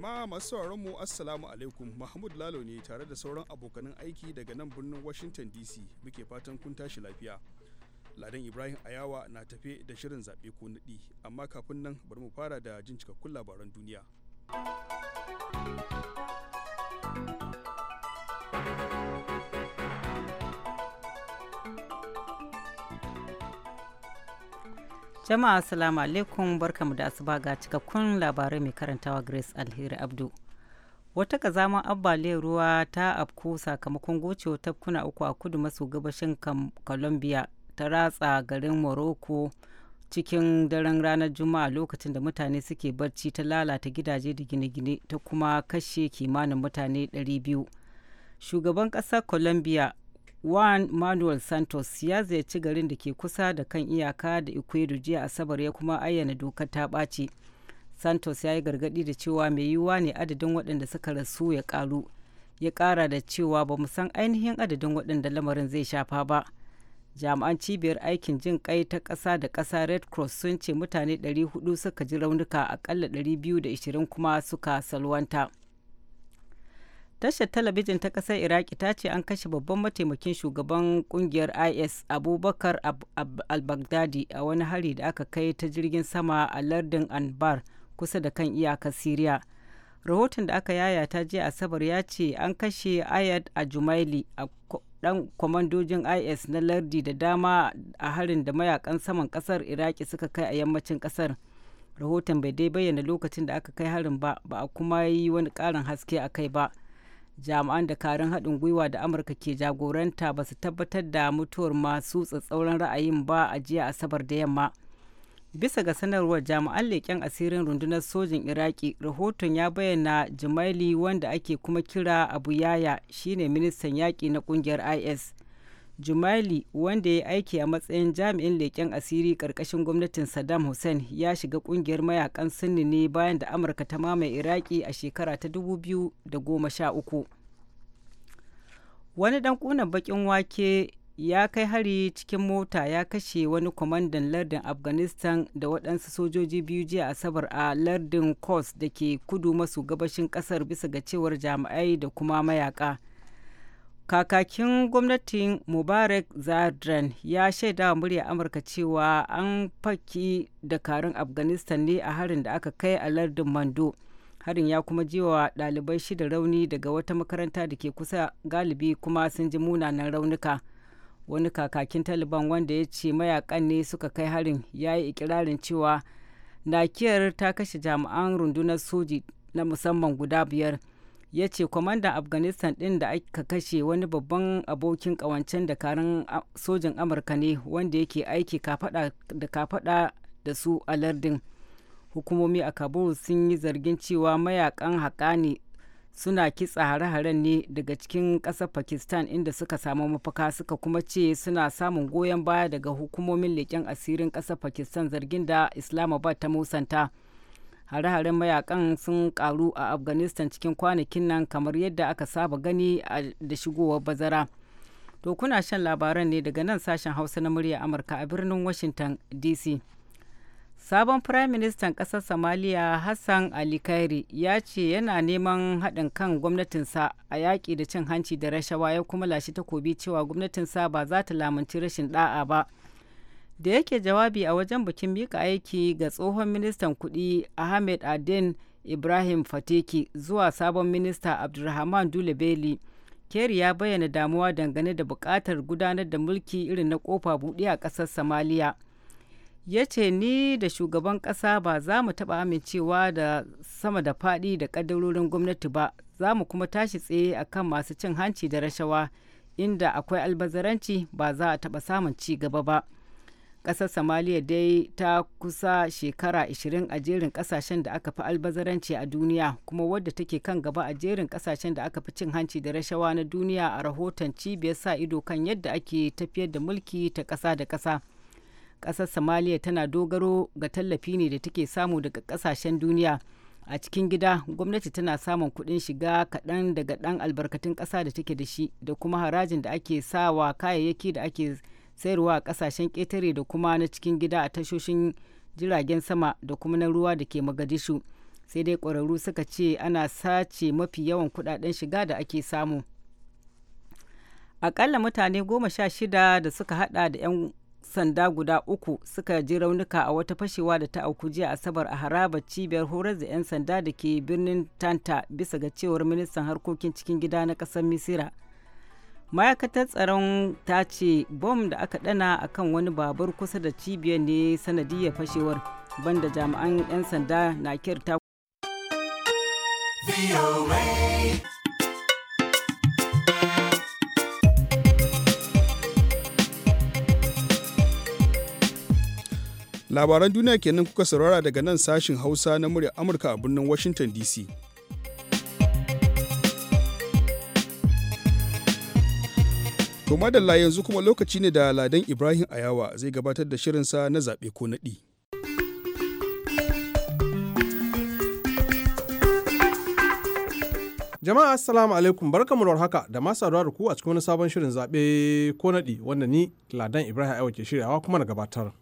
Jama'a masu sauraron mu Assalamu alaikum Mahmud Lalo ne tare da sauran abokanan aiki daga nan birnin Washington DC muke fatan kun tashi lafiya. Ladan Ibrahim Ayawa na tafe da shirin zaɓe ko naɗi amma kafin nan bari mu fara da jin cikakkun labaran duniya. Jama'a assalamu alaikum barkamu da asuba ga cikakkun labarai mai karantawa Grace Alheri Abdu. Wata kazaman ambaliyar ruwa ta afku sakamakon gocewa tafkuna uku a kudu maso gabashin Colombia ta ratsa garin Morocco cikin daren ranar Juma'a lokacin da mutane suke barci ta lalata gidaje da gine-gine ta kuma kashe kimanin mutane 200. Shugaban ƙasar Colombia juan manuel santos ya ziyarci garin da ke kusa da kan iyaka da ecuador jiya asabar ya kuma ayyana dokar ta ɓaci santos ya yi gargaɗi da cewa mai yiwuwa ne adadin waɗanda suka rasu ya ƙaru ya ƙara da cewa ba mu san ainihin adadin waɗanda lamarin zai shafa ba jami'an cibiyar aikin jin kai ta ƙasa da ƙasa red cross sun ce mutane 400 suka ji raunuka akalla 220 kuma suka salwanta tashar talabijin ta kasar iraki ta ce an kashe babban mataimakin shugaban kungiyar is abubakar al-baghdadi a wani hari da aka kai ta jirgin sama a lardin anbar kusa da kan iyakar syria rahoton da aka yaya yayata jiya asabar ya ce an kashe ayat a jumaili a dan kwamandojin is na lardi da dama a harin da mayakan saman kasar iraki suka kai a yammacin kasar rahoton bai dai bayyana lokacin da aka kai harin ba ba a kuma yi wani karin haske a kai ba jami'an da karin haɗin gwiwa da amurka ke jagoranta ba su tabbatar da mutuwar masu tsatsauran ra'ayin ba a jiya asabar da yamma bisa ga sanarwar jami'an leƙen asirin rundunar sojin iraki rahoton ya bayyana jimaili wanda ake kuma kira abu yaya shine ministan yaƙi na ƙungiyar is Jumali wanda ya aiki a matsayin jami'in leƙen asiri ƙarƙashin gwamnatin Saddam Hussein ya shiga ƙungiyar mayakan Sunni ne bayan da Amurka ta mamaye Iraki a shekara ta 2013. Wani ɗan ƙunan baƙin wake ya kai hari cikin mota ya kashe wani kwamandan lardin Afghanistan da waɗansu sojoji biyu jiya Asabar a lardin Kos da ke kudu maso gabashin ƙasar bisa ga cewar jami'ai da kuma mayaka. kakakin gwamnatin mubarak zadran ya shaida wa murya amurka cewa an faki dakarun afghanistan ne a harin da aka kai a lardin mando harin ya kuma jiwa ɗalibai shida rauni daga wata makaranta da ke kusa galibi kuma sun ji munanan raunuka wani kakakin taliban wanda ya ce mayakan ne suka kai harin ya yi ikirarin cewa nakiyar ta kashe jami'an rundunar soji na musamman guda biyar ya ce kwamandan afghanistan ɗin da aka kashe wani babban abokin ƙawancen dakarun sojin amurka ne wanda yake aiki da kafada da su a lardin hukumomi a kabul sun yi zargin cewa mayakan haƙani suna kitsa hare-haren ne daga cikin ƙasar pakistan inda suka samu mafaka suka kuma ce suna samun goyon baya daga hukumomin leƙen asirin ƙasar pakistan zargin da islamabad ta musanta hare-haren mayakan sun karu a afghanistan cikin kwanakin nan kamar yadda aka saba gani da shigowar bazara to kuna shan labaran ne daga nan sashen hausa na murya amurka a birnin washington dc sabon firaministan ƙasar somaliya hassan ali kairi ya ce yana neman haɗin kan gwamnatinsa a yaƙi da cin hanci da rashawa ya kuma lashe takobi cewa gwamnatinsa ba za ta lamunci rashin ɗa'a ba da yake jawabi a wajen bikin mika aiki ga tsohon ministan kudi ahmed aden ibrahim fateki zuwa sabon minista abdulrahman dule beli keri ya bayyana damuwa dangane da bukatar gudanar da mulki irin na kofa buɗe a ƙasar somaliya ya ce ni da shugaban ƙasa ba za mu taɓa amincewa da sama da faɗi da ƙaddarorin gwamnati ba za mu kuma tashi tsaye akan masu cin hanci da rashawa inda akwai albazaranci ba za a taɓa samun ci gaba ba. ƙasar somaliya dai ta kusa shekara 20 a jerin ƙasashen da aka fi albazaranci a duniya kuma wadda take kan gaba a jerin ƙasashen da aka fi cin hanci da rashawa na duniya a rahoton cibiyar sa ido kan yadda ake tafiyar da mulki ta ƙasa da ƙasa ƙasar somaliya tana dogaro ga tallafi ne da take samu daga ƙasashen duniya a cikin gida gwamnati tana samun kuɗin shiga kaɗan daga ɗan albarkatun ƙasa da take da shi da kuma harajin da ake sawa kayayyaki da ake sayarwa a kasashen ƙetare da kuma na cikin gida a tashoshin jiragen sama da kuma na ruwa da ke magadishu sai dai ƙwararru suka ce ana sace mafi yawan kudaden shiga da ake samu akalla mutane goma sha shida da suka hada da 'yan sanda guda uku suka ji raunuka a wata fashewa da ta auku jiya asabar a haraba cibiyar horar da 'yan sanda da ke birnin tanta bisa ga cewar ministan harkokin cikin gida na ƙasar misira ma'aikatar tsaron ta ce bom da aka dana akan wani babur kusa da cibiyar ne sanadiyar fashewar banda jami'an 'yan sanda na kirta labaran duniya kenan kuka saurara daga nan sashin hausa na murya amurka a birnin washington dc To madalla yanzu kuma lokaci ne da Ladan Ibrahim Ayawa zai gabatar da shirinsa na zaɓe ko naɗi. Jama'a assalamu alaikum barkamu da haka da masu saduwa da ku a cikin wani sabon shirin zabe ko naɗi wanda ni Ladan Ibrahim Ayawa ke shiryawa kuma na gabatar.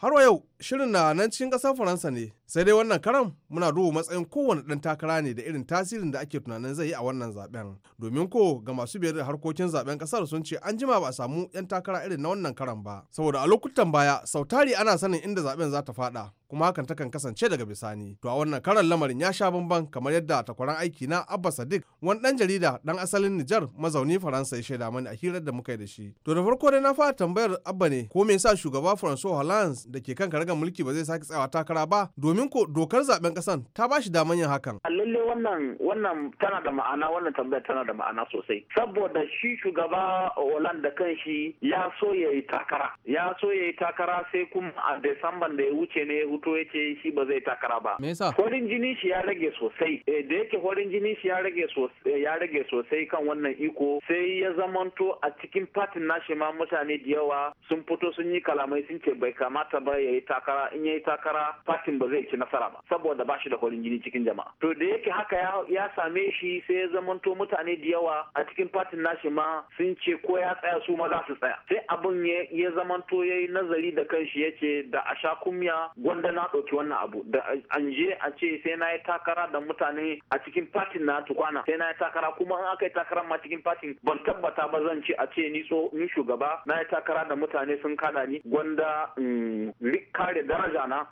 Har yau shirin na nan cikin ƙasar faransa ne sai dai wannan karan muna duba matsayin kowane dan takara ne da irin tasirin da ake tunanin zai yi a wannan zaben domin ko ga masu biyar da harkokin zaben kasar sun ce an jima ba a samu 'yan takara irin na wannan karan ba saboda a lokutan baya sautari ana sanin inda zaben za ta faɗa kuma hakan takan kasance daga bisani to a wannan karan lamarin ya sha bamban kamar yadda takwaran aiki na abba sadiq wani dan jarida dan asalin nijar mazauni faransa ya shaida mani a hirar da muka yi da shi to da farko dai na fara tambayar abba ne ko me yasa shugaba faransa hollande da ke kan karagar mulki ba zai sake tsayawa takara ba domin ko dokar zaben kasan ta ba shi daman yin hakan. Lalle wannan wannan tana da ma'ana wannan tambayar tana da ma'ana sosai saboda shi shugaba Olan da shi ya so ya yi takara ya so ya yi takara sai kuma a Desamban da ya wuce ne ya huto ya ce shi ba zai takara ba. Me yasa? Horin jini shi ya rage sosai eh, da yake horin jini shi eh, ya rage sosai kan wannan iko sai ya zamanto a cikin fatin nashi ma mutane da yawa sun fito sun yi kalamai sun ce bai kamata ba ya yi takara. takara in yayi takara fatin ba zai ci nasara ba saboda ba shi da horin jini cikin jama'a to da yake haka ya same shi sai ya zamanto mutane da yawa a cikin fatin nashi ma sun ce ko ya tsaya su ma za su tsaya sai abin ya zamanto yayi nazari da kanshi ce da a sha kumya gwanda na ɗauki wannan abu da an je a ce sai na yi takara da mutane a cikin fatin na tukwana sai na yi takara kuma in aka yi takara ma cikin fatin ban tabbata ba zan ce a ce ni so ni shugaba na yi takara da mutane sun kada ni gwanda mm, rikka kare daraja na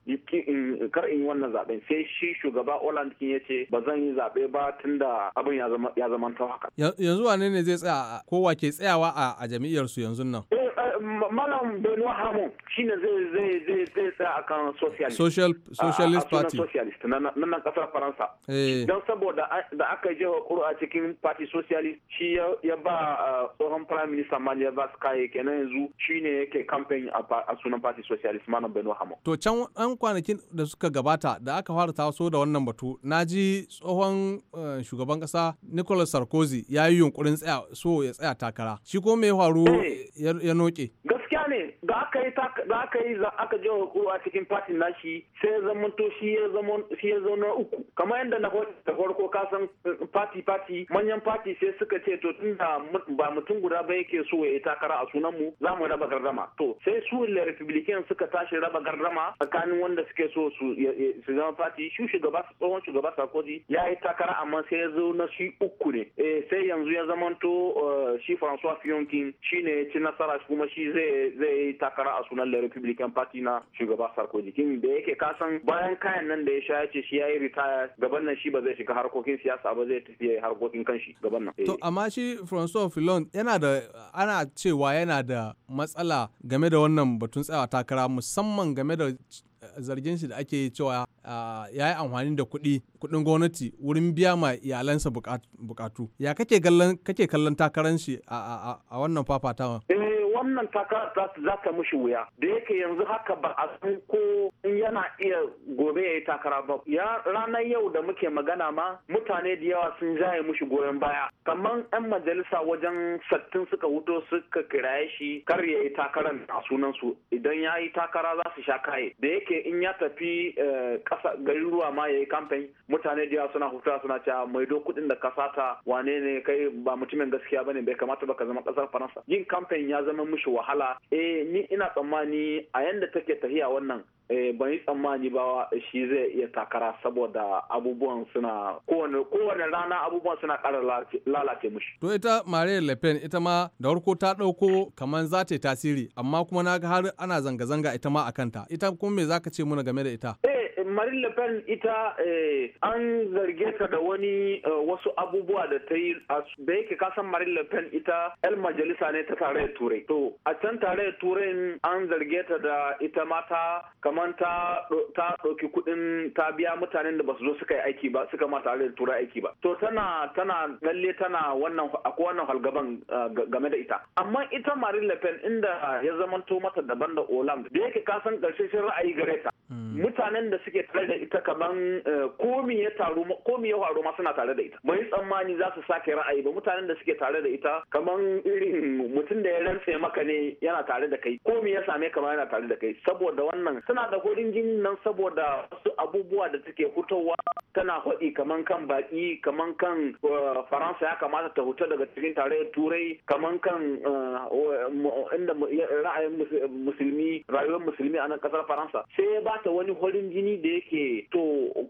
kar in yi wannan zaben sai shi shugaba Holland kin yace ba zan yi zabe ba tunda abin ya zama ya haka yanzu wane ne zai tsaya kowa ke tsayawa a jami'ar su yanzu nan eh, eh, malam Benoit Hamon shine zai zai zai zai tsaya akan socialist social socialist party socialist na nan kasar Faransa eh. don saboda da aka je a cikin party socialist shi ya ba tsohon prime minister Malia Vascaye kenan yanzu shine yake campaign a sunan party socialist malam Benoit Hamon to can an kwanakin da suka gabata da aka fara taso da wannan batu na ji tsohon eh, shugaban kasa Nicolas Sarkozy ya yi yunkurin tsaya so ya tsaya takara shi ko me faru eh. ya noke za ka yi za aka je hukuru a cikin fatin nashi sai ya zama shi ya zama shi ya zama uku kamar yadda na da farko ka san eh, fati fati manyan fati sai suka ce to tunda ba mutum guda ba yake so ya yi takara a sunan mu za mu raba gardama to sai su le republican suka tashi raba gardama tsakanin wanda suke so su su zama fati shi shugaba tsohon shugaba Sarkozy ya yi takara amma sai ya zo na shi uku ne eh, sai yanzu ya zamanto to eh, shi Francois shi shine ya ci nasara kuma shi zai zai yi takara a sunan da republican party na shugaba sarkozy kin da yake kasan bayan kayan nan da ya sha ya ce shi yayi yi ritaya gaban nan shi ba zai shiga harkokin siyasa ba zai tafi ya harkokin kanshi gaban nan to eh. amma shi francois fillon yana da ana cewa yana da matsala game da wannan batun tsayawa takara musamman game da zargin shi da ake cewa ya yi amfani da kuɗi kuɗin gwamnati wurin biya ma iyalansa bukatu ya kake kallon takarar shi a wannan fafatawa eh, wannan takarar za ta mushi wuya da yake yanzu haka ba a san ko yana iya gobe ya yi takara ba ya ranar yau da muke magana ma mutane da yawa sun jaye mushi goyon baya kamar 'yan majalisa wajen sattin suka wuto suka kiraye shi kar ya yi takarar a sunan su. idan ya yi takara za su sha kaye da yake in ya tafi eh, garin ruwa ma ya yi kamfen mutane da suna hutuwa suna cewa do kuɗin da ka sata wane ne kai ba mutumin gaskiya ba bane bai kamata ba ka zama ƙasar Faransa yin kamfen ya zama mishi wahala e ni ina tsammani a yanda take tahiya wannan eh, ban yi tsammani ba shi zai iya takara saboda abubuwan suna kowane rana abubuwan suna kara lalace mushi. To ita mare Le Pen ita ma da farko ta ɗauko kamar za ta yi tasiri amma kuma na har ana zanga-zanga ita ma a kanta ita kuma me zaka ce muna game da ita? Eh Marine Le Pen ita eh, an zarge ta da wani eh, wasu abubuwa da ta yi da yake kasan Marine Le Pen ita 'yan majalisa ne ta tare da Turai. To, a can tare da Turai an zarge ta da ita ma kamar ta ɗauki kuɗin ta biya mutanen da ba su zo suka yi aiki ba suka ma da Turai aiki ba. To, tana tana lalle tana wannan akwai wannan halgaban eh, game da ita. Amma ita Marine Le Pen inda ya zamanto mata daban da Olam da yake kasan ƙarshen ra'ayi gare ta. Mm. mutanen da suke tare da ita kaman eh, komi ya faru ma suna tare da ita mai tsammani za su sake ra'ayi ba mutanen da suke tare da ita kaman irin mutum da ya rantse maka ne yana tare da kai komi ya same kamar yana tare da kai saboda wannan suna da gurin jini nan saboda wasu abubuwa da take hutowa tana faɗi kaman kan baki kaman kan eh, faransa ya kamata ta huta daga cikin tare turai kaman kan eh, inda ra'ayin musulmi rayuwar musulmi a nan kasar faransa sai bata wani horin jini da yake to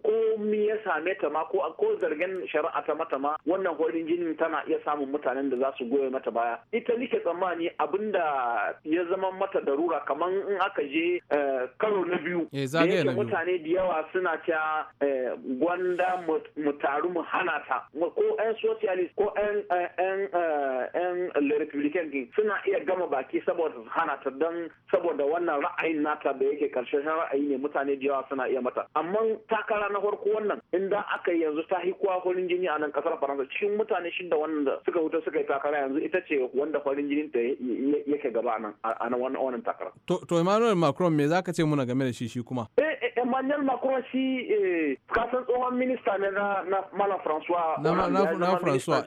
ko mi ya same ta ma ko ko zargen shari'a ta mata ma wannan horin jini tana iya samun mutanen da za su goya mata baya ita nike tsammani da ya zama mata darura kamar in aka je eh, karo na biyu eh, da mutane da yawa suna ta eh, gwanda mu taru mu hana ta ko 'yan socialist ko 'yan republican suna iya gama baki saboda hana ta don saboda wannan ra'ayin nata da yake karshen ra'ayi ne mutane da yawa suna iya mata amma takara na farko wannan inda aka yi yanzu ta hikuwa farin jini a nan kasar faransa cikin mutane shida da suka wuta suka yi takara yanzu ita ce wanda farin jini ta yake gaba nan a nan wannan takara to emmanuel macron me zaka ce muna game da shi shi kuma eh, eh emmanuel macron shi eh, kasan tsohon minista ne na na Mala françois na na françois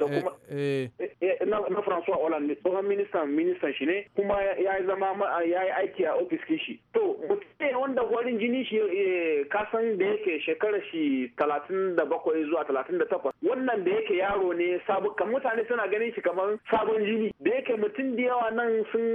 eh, eh. na françois hollande tsohon minista ministan shi ne kuma ya zama ya yi aiki a ofis shi to mutane wanda farin jini shi eh, kasan da yake shekarar shi talatin da bakwai zuwa talatin da takwas wannan da yake yaro ne sabukan mutane suna ganin shi kamar sabon jini da yake mutum da yawa nan sun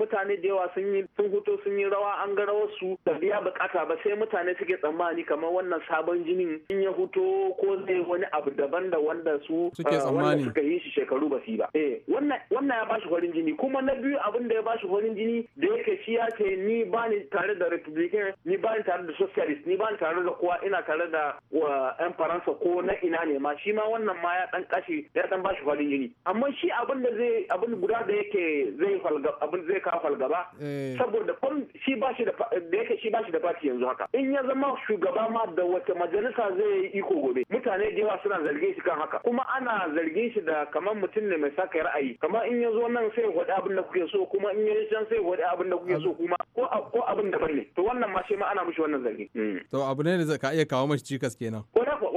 mutane da yawa sun yi sun huto sun yi rawa an ga rawar su da biya bukata ba sai mutane suke tsammani kamar wannan sabon jinin in ya huto ko zai wani abu daban da wanda su tsammani suka yi shi shekaru ba su ba eh wannan wannan ya bashi farin jini kuma na biyu abin da ya bashi farin jini da yake shi ya ce ni ba ni tare da republican ni ba ni tare da socialist ni ba ni tare da kowa ina tare da yan faransa ko na ina ne ma shi ma wannan ma ya dan kashi ya dan bashi farin jini amma shi abin da zai abin guda da yake zai abin zai kawo falgaba eh. saboda kun shi ba shi da yake shi ba shi da fati yanzu haka in ya zama shugaba ma da wata majalisa zai yi iko gobe mutane da yawa suna zargin shi kan haka kuma ana zargin shi da kamar mutum ne mai saka ra'ayi kamar in ya zo nan sai ya abin da kuke so kuma in ya can sai ya abin da kuke so kuma ko abin da bane to wannan ma shi fa ana mishi wannan zargi. Mm. to abu ne ne ka iya kawo mashi cikas kenan.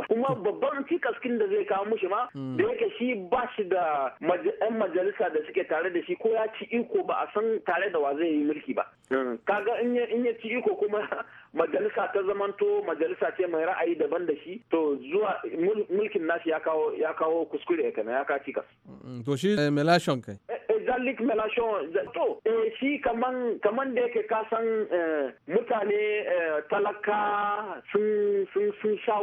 kuma babban kin da zai kawo mushi ma mm. da yake shi ba shi da yan majalisa da suke tare da shi ko ya ci iko ba a san tare da wa zai yi mulki ba mm. kaga in ya ci iko kuma majalisa ta zamanto majalisa ce mai ra'ayi daban da shi to zuwa mulkin nashi ya kawo ya kawo kuskure kana ya kawo cikas to shi eh, melashon kai eh, zalik melashon to eh, shi kaman kaman da yake kasan eh, mutane eh, talaka sun sha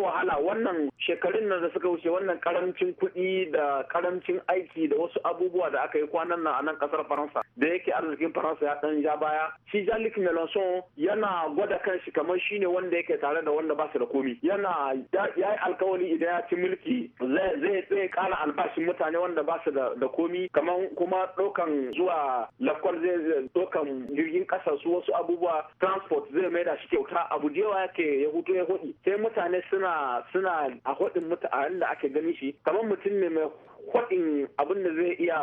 wahala wannan shekarun nan da suka wuce wannan karancin kuɗi da karancin aiki da wasu abubuwa da aka yi kwanan nan a nan kasar faransa da yake arzikin faransa ya ɗan ja baya shi jean melanson yana gwada kanshi kamar shine wanda yake tare da wanda ba su da komi yana ya yi alkawari idan ya ci mulki zai zai kara albashin mutane wanda ba su da komi kamar kuma ɗaukan zuwa lakwal zai ɗaukan jirgin ƙasa su wasu abubuwa transport zai da shi kyauta abu da yawa yake ya hutu ya hudi sai mutane suna suna a hudin mutu a da ake gani shi kamar mutum ne mai kwaɗin abin da zai iya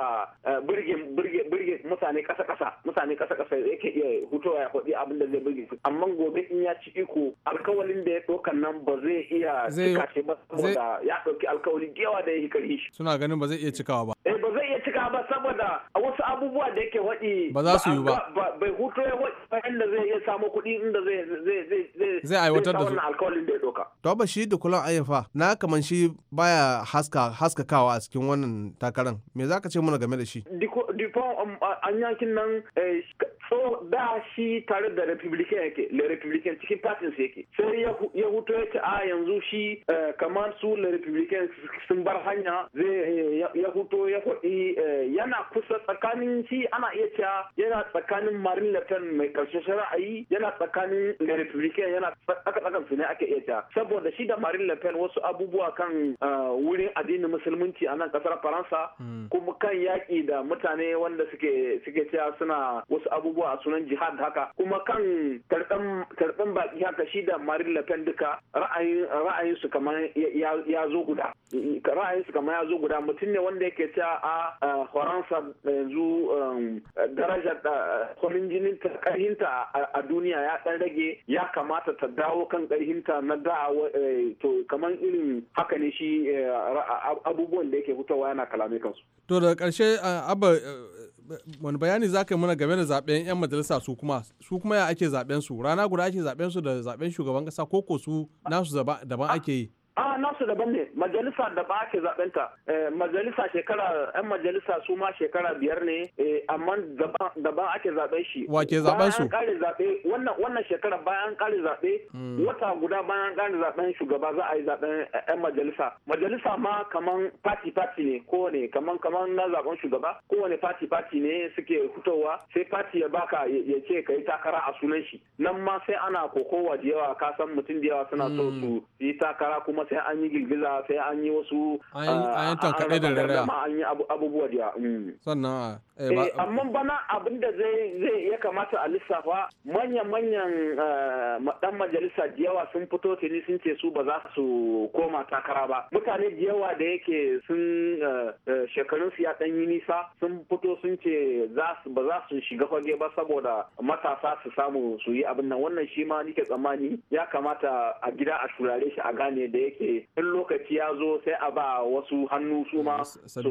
eh, birge mutane ƙasa ƙasa mutane ƙasa ƙasa ke iya hutowa ya kwaɗi abin da zai birge su amma gobe in ya ci iko alkawalin da ya ɗaukan nan ba zai iya cika ce ba saboda ya ɗauki alkawali da yawa da ya yi shi. suna ganin ba zai iya cikawa ba. Eh, ba zai iya cikawa ba saboda wasu abubuwa da yake waɗi. ba za su yi ba. bai hutu ya waɗi ba yadda zai iya samo kuɗi inda zai zai aiwatar da su. alkawalin da ya ɗauka. to ba shi da kulan ayyafa na kaman shi baya haska haskakawa a cikin wannan takarar me za ka ce muna game da shi dupont um, an yankin nan eh, so da shi tare da republican yake le republican cikin partin yake sai ya huto ya ce a yanzu shi eh, kamar su le republican sun bar hanya zai eh, ya huto ya faɗi yana kusa tsakanin shi ana iya cewa yana tsakanin marin le mai karshe shara'ayi yana tsakanin le republican yana tsaka su ne ake iya cewa saboda shi da marin le wasu abubuwa kan wurin addinin musulunci a nan kasar faransa hmm. kuma kan yaƙi da mutane wanda suke suke cewa suna wasu abubuwa a sunan jihad haka kuma kan tarɗan baƙi haka shi da marin le duka ra'ayin su kamar ya zo guda ra'ayinsu kama ya zo guda mutum ne wanda yake ta a faransa yanzu um, darajar kwamin jinin ta karhinta a duniya ya dan rage ya kamata ta dawo kan karhinta na da eh, to kamar irin haka ne shi eh, abubuwan da yake fitowa yana kalame kansu to da karshe abba eh, wani bayani za ka yi mana game da zaben 'yan majalisa su kuma su kuma ya ake zaben su rana guda ake zaben su da zaben shugaban kasa ko ko su nasu daban ake yi a nasu daban ne majalisa da ba ke zaɓenta eh, majalisa shekara yan majalisa su ma shekara biyar ne eh, amma daban ake zaɓen shi wace zaɓen su bayan zaɓe wannan wannan shekara bayan kare zaɓe hmm. wata guda bayan kare zaɓen shugaba za a yi zaɓen yan eh, majalisa majalisa ma kaman party party ne kowane kaman kaman na zaɓen shugaba kowane party party ne suke fitowa sai party ya baka ya ce ka yi takara a sunan shi nan ma sai ana kokowa da yawa ka san mutum da yawa suna so hmm. su yi takara kuma kuma sai an yi girgiza sai an yi wasu an ah, tankaɗe da an yi abubuwa da mm. sannan ah, eh, eh, amma bana abin da zai zai ya kamata a lissafa manyan ah, manyan dan majalisa da yawa sun fito ne sun ce su ba za su koma takara ba mutane da yawa da yake sun shekarun su ya dan yi nisa sun fito sun ce ba za su shiga fage ba saboda matasa su samu su yi abin nan wannan shi ma nike tsammani ya kamata a gida a turare shi a gane da yake yake in lokaci ya zo sai a ba wasu hannu su ma su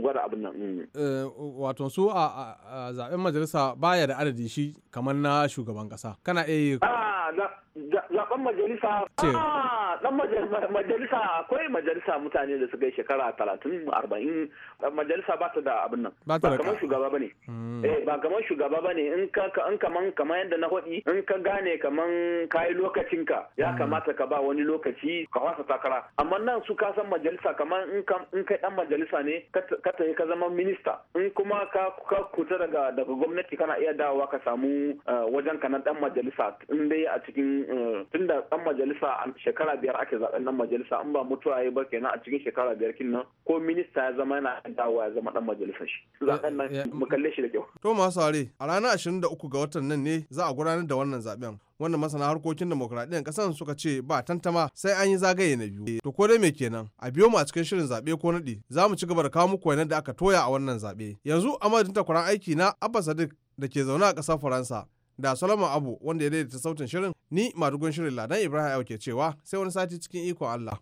gwada abin nan. Mm. Eh, wato su a zaben majalisa baya da adadi shi kamar na shugaban kasa. Kana iya ah, zaben majalisa ah, dan majalisa akwai majalisa mutane da suka yi shekara talatin arba'in majalisa ba ta da abin nan ba kamar shugaba ba ne hmm. eh, ba kamar shugaba ba ne in ka kaman kamar yadda na hudi in ka gane kaman kayi lokacinka ya hmm. kamata ka ba wani lokaci ka wasa takara amma nan su ka san majalisa kamar in kai dan majalisa ne ka tafi ka zama minista in kuma ka kuta daga gwamnati kana iya dawowa ka samu eh, wajen ka na dan majalisa in dai a cikin eh, tun da dan majalisa a shekara biyar ake zaben dan majalisa in ba mutuwa ya ba kenan a cikin shekara biyar kin nan ko minista ya zama yana dawo ya zama dan majalisa shi zaben nan mu kalle shi da kyau to masu are a ranar ashirin da uku ga watan nan ne za a gudanar da wannan zaben wannan masana harkokin demokradiyyar kasan suka ce ba tantama sai an yi zagaye na biyu eh, to ko dai me kenan a biyo mu a cikin shirin zaɓe ko naɗi za mu ci gaba da kawo muku da aka toya a wannan zabe yanzu a madadin takwaran aiki na abba sadiq da ke zaune a ƙasar faransa da Solomon Abu wanda ya daidaita sautin shirin ni madugun shirin Ladan Ibrahim ya ke cewa sai wani sati cikin ikon Allah.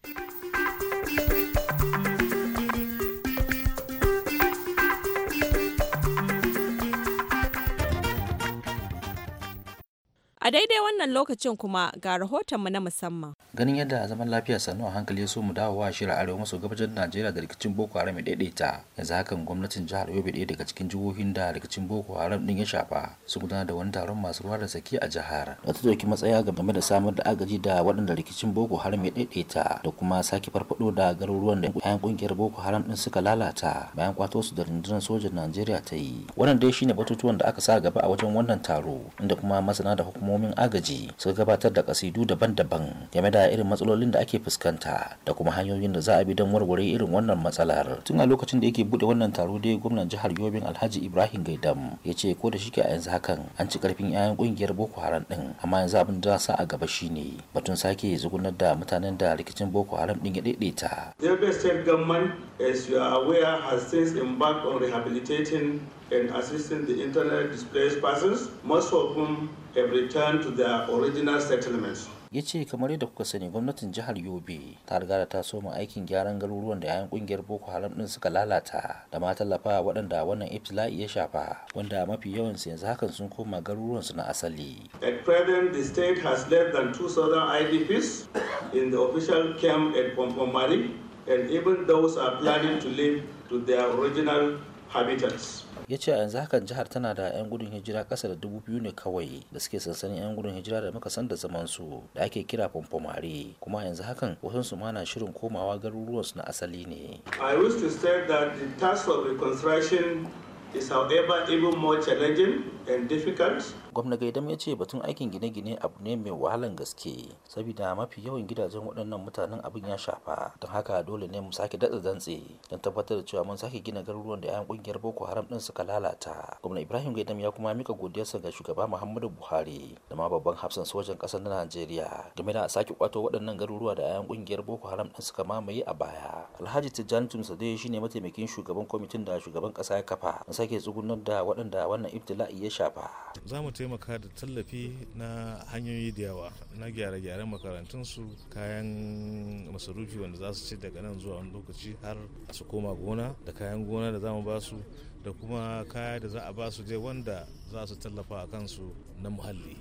A daidai wannan lokacin kuma ga rahotonmu na musamman. Ganin yadda zaman lafiya sannu a hankali ya so mu dawo wa shirin arewa maso gabashin Najeriya da rikicin Boko Haram ya daidaita. Yanzu hakan gwamnatin jihar Yobe ɗaya daga cikin jihohin da rikicin Boko Haram din ya shafa su gudanar da wani taron masu ruwa da saki a jihar. Da ta ɗauki matsaya ga game da samar da agaji da waɗanda rikicin Boko Haram ya daidaita da kuma sake farfado da garuruwan da kayan kungiyar Boko Haram din suka lalata bayan kwato su da rundunar sojan Najeriya ta yi. Wannan dai shine batutuwan da aka sa gaba a wajen wannan taro inda kuma masana da hukumomi hukumomin agaji suka gabatar da kasidu daban-daban game da irin matsalolin da ake fuskanta da kuma hanyoyin da za a bi don warware irin wannan matsalar tun a lokacin da yake bude wannan taro dai gwamnan jihar yobin alhaji ibrahim gaidam ya ce ko da shike a yanzu hakan an ci karfin 'ya'yan kungiyar boko haram din amma yanzu abin da sa a gaba shine batun sake zugunar da mutanen da rikicin boko haram din ya daidaita. State government, as you are aware, has since embarked on rehabilitating and assisting the internally displaced persons, most of whom have returned to their original settlements. ya ce kamar yadda kuka sani gwamnatin jihar yobe ta riga da ta soma aikin gyaran garuruwan da yayan kungiyar boko haram din suka lalata da ma tallafa waɗanda wannan ibtila'i ya shafa wanda mafi yawan su yanzu hakan sun koma garuruwansu na asali at present the state has less than 2000 idps in the official camp at pompomari and even those are planning to leave to their original habitats ya ce a yanzu hakan jihar tana da 'yan gudun hijira kasa da dubu biyu ne kawai da suke sansanin 'yan gudun hijira da muka san da zaman su da ake kira fomfomare kuma a yanzu hakan wasan su mana na shirin komawa garuruwan su na asali ne. I wish to state that the task of reconstruction is however even more challenging and difficult gwamna gaidam ya ce batun aikin gine-gine abu ne mai wahalan gaske saboda mafi yawan gidajen waɗannan mutanen abin ya shafa don haka dole ne mu sake datsa dantse don tabbatar da cewa mun sake gina garuruwan da yayan kungiyar boko haram din suka lalata gwamna ibrahim gaidam ya kuma mika godiyarsa ga shugaba muhammadu buhari da ma babban hafsan sojan ƙasar na najeriya game da sake kwato waɗannan garuruwa da yayan kungiyar boko haram din suka mamaye a baya alhaji tijjani dai shine mataimakin shugaban kwamitin da shugaban ƙasa ya kafa sake tsugunar da waɗanda wannan ibtila'i ya shafa za taimaka da tallafi na hanyoyi da yawa na gyare-gyaren makarantunsu kayan masarufi wanda za su ci daga nan zuwa wani lokaci har su koma gona da kayan gona da za mu ba su da kuma kaya da za a ba su je wanda za su tallafa a kansu na muhalli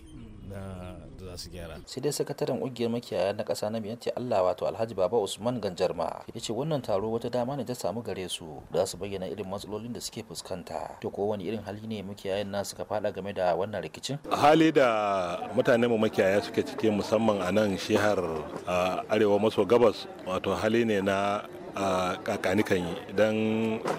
na da za su gyara sai dai sakataren ƙungiyar makiyaya na ƙasa na miyanci allah wato alhaji baba usman ganjarma ya ce wannan taro wata dama ne ta samu gare su da su bayyana irin matsalolin da suke fuskanta to ko wani irin hali ne makiyayan na suka faɗa game da wannan rikicin hali da mutanen mu makiyaya suke cike musamman a nan shihar arewa maso gabas wato hali ne na kakanikan yi don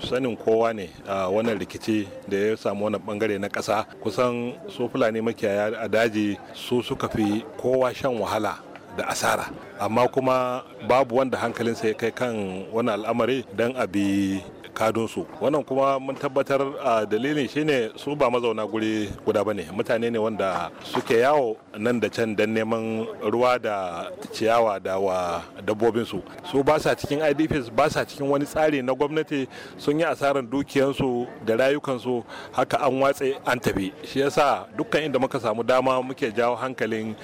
sanin kowa ne a wannan rikici da ya samu wannan bangare na ƙasa kusan su fulani makiyaya a daji su suka fi kowa shan wahala da asara amma kuma babu wanda hankalinsa ya kai kan wani al'amari don a bi kadunsu wannan kuma mun tabbatar a dalilin shine su ba mazauna guri guda bane mutane ne wanda suke yawo nan da can don neman ruwa da ciyawa da wa dabbobinsu su ba sa cikin idps ba sa cikin wani tsari na gwamnati sun yi asarar dukiyansu da rayukansu haka an watse an tafi shi yasa dukkan inda muka samu dama muke jawo hankalin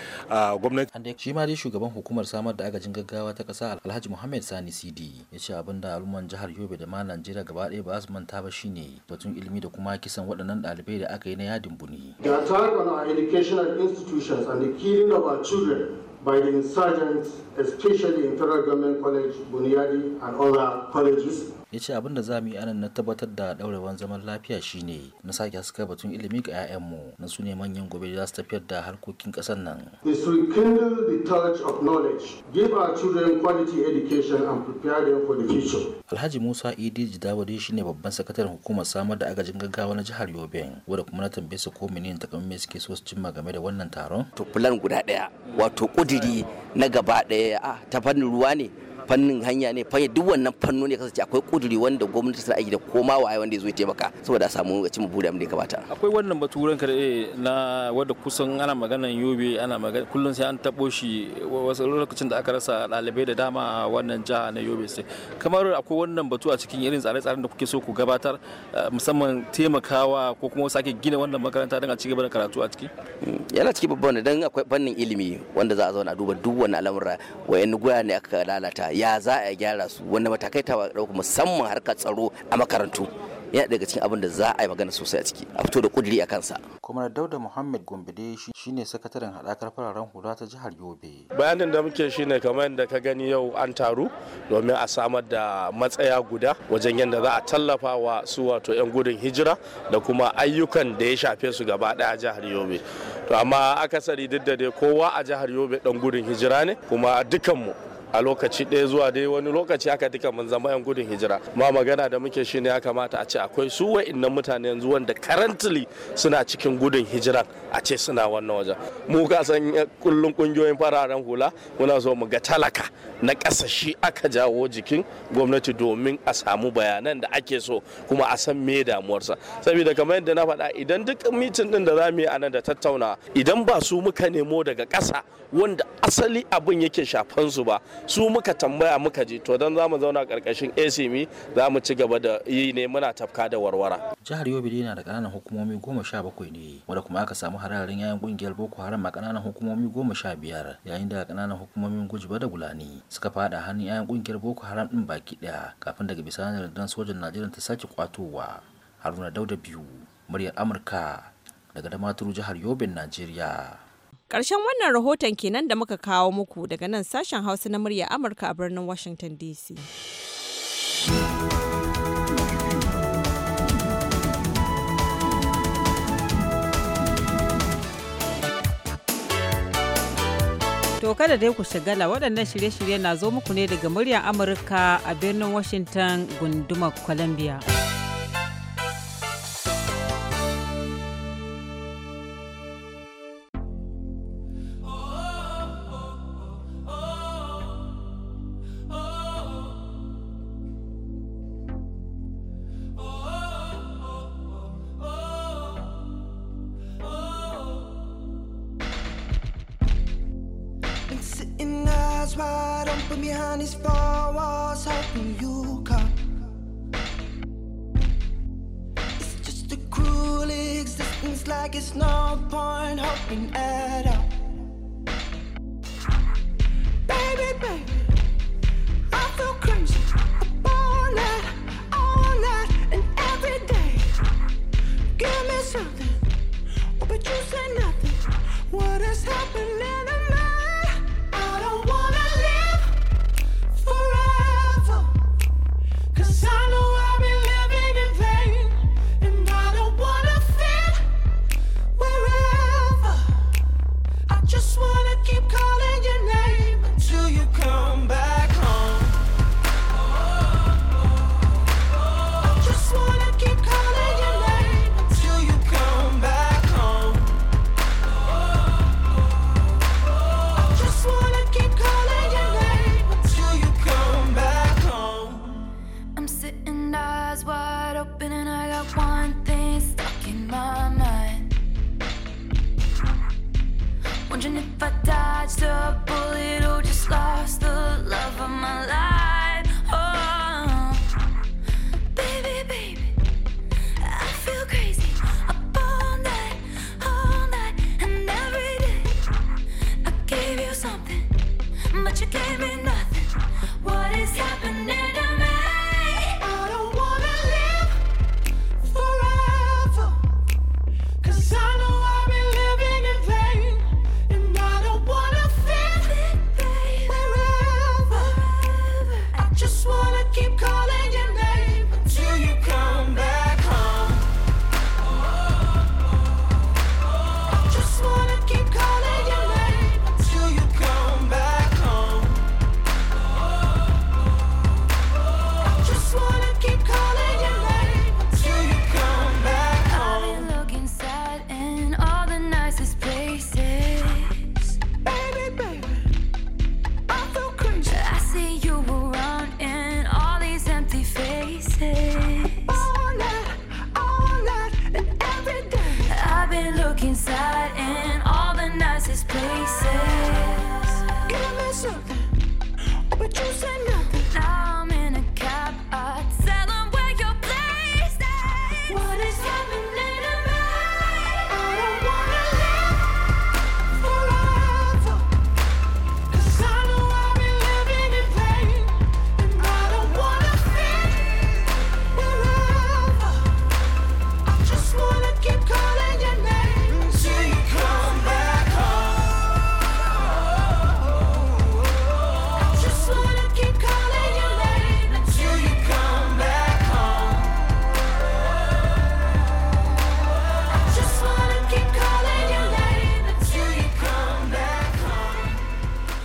gwamnati shi ma dai shugaban hukumar samar da agajin gaggawa ta kasa alhaji muhammad sani sidi ya ce abin al'umman jihar yobe da ma najeriya da gaba ɗaya ba su manta ba shine batun ilimi da kuma kisan waɗannan ɗalibai da aka yi na yadin buni the attack on our educational institutions and the killing of our children by the insurgents, especially in Federal Government College, Bunyadi, and other colleges, ya ce abin da za mu yi anan na tabbatar da daurewan zaman lafiya shine na sake haska batun ilimi ga 'ya'yanmu na su ne manyan gobe za su tafiyar da harkokin ƙasar nan. rekindle the of knowledge, give our children quality education and Alhaji Musa Idi Jidawade shine babban sakataren hukumar samar da agajin gaggawa na jihar Yobe, wanda kuma na tambaye su ko menene takamaiman suke so su cimma game da wannan taron. To plan guda ɗaya, wato kudiri na gaba daya ta fannin ruwa ne fannin hanya ne fanya duk wannan ne kasance akwai kuduri wanda gwamnati ta aiki da koma wa wanda ya zo ya taimaka saboda a samu a cimma burin da ya kamata akwai wannan baturen ka eh, na wanda kusan ana maganar yobe ana magana kullum sai an tabo shi wasu lokacin da aka rasa ɗalibai da dama a wannan jiha na yobe sai kamar akwai wannan batu a cikin irin tsare-tsaren da kuke so ku gabatar eh, musamman taimakawa ko kuma sake gina wannan makaranta don a ci gaba da karatu a ciki mm, yana ciki babban dan akwai fannin ilimi wanda za a zauna duba duk wani al'amura wayan goya ne aka lalata ya za a gyara su wanda matakai ta ɗauka musamman harkar tsaro a makarantu yana daga cikin abin da za a yi magana sosai a ciki a fito da kudiri a kansa. kuma dauda muhammad shi shine sakataren haɗakar fararen hula ta jihar yobe bayanin da muke shine kamar yadda ka gani yau an taru domin a samar da matsaya guda wajen yadda za a tallafa wa su wato 'yan gudun hijira da kuma ayyukan da ya shafe su gaba ɗaya jihar yobe to amma akasari duk da dai kowa a jihar yobe dan gudun hijira ne kuma dukanmu. a lokaci ɗaya zuwa dai wani lokaci haka duka mun zama yan gudun hijira ma magana da muke shi ne ya kamata a ce akwai su wa'innan mutane yanzu wanda currently suna cikin gudun hijira a ce suna wannan wajen mu ka san kullun kungiyoyin fararen hula muna so mu ga talaka na ƙasa shi aka jawo jikin gwamnati domin a samu bayanan da ake so kuma a san me damuwarsa saboda kamar yadda na faɗa idan duk mitin din da zamu yi a nan da tattauna idan ba su muka nemo daga ƙasa wanda asali abin yake shafan su ba su muka tambaya muka je to don za mu zauna karkashin acm e, za mu ci gaba da yi ne muna tafka da warwara jihar yobe yana da kananan hukumomi goma sha bakwai ne wanda kuma aka samu hararin yayin kungiyar boko haram a kananan hukumomi goma sha biyar yayin da kananan hukumomin gujiba da gulani suka fada hannun yayin kungiyar boko haram din baki daya kafin daga bisani dan sojan najeriya ta sake kwatowa haruna dauda biyu muryar amurka daga damaturu jihar yobin najeriya karshen wannan rahoton kenan da muka kawo muku daga nan sashen Hausa na murya Amurka a birnin Washington DC. To kada dai ku shigala waɗannan shirye-shirye na zo muku ne daga muryar Amurka a birnin Washington gundumar Columbia. like it's no point hoping at all. Baby, baby.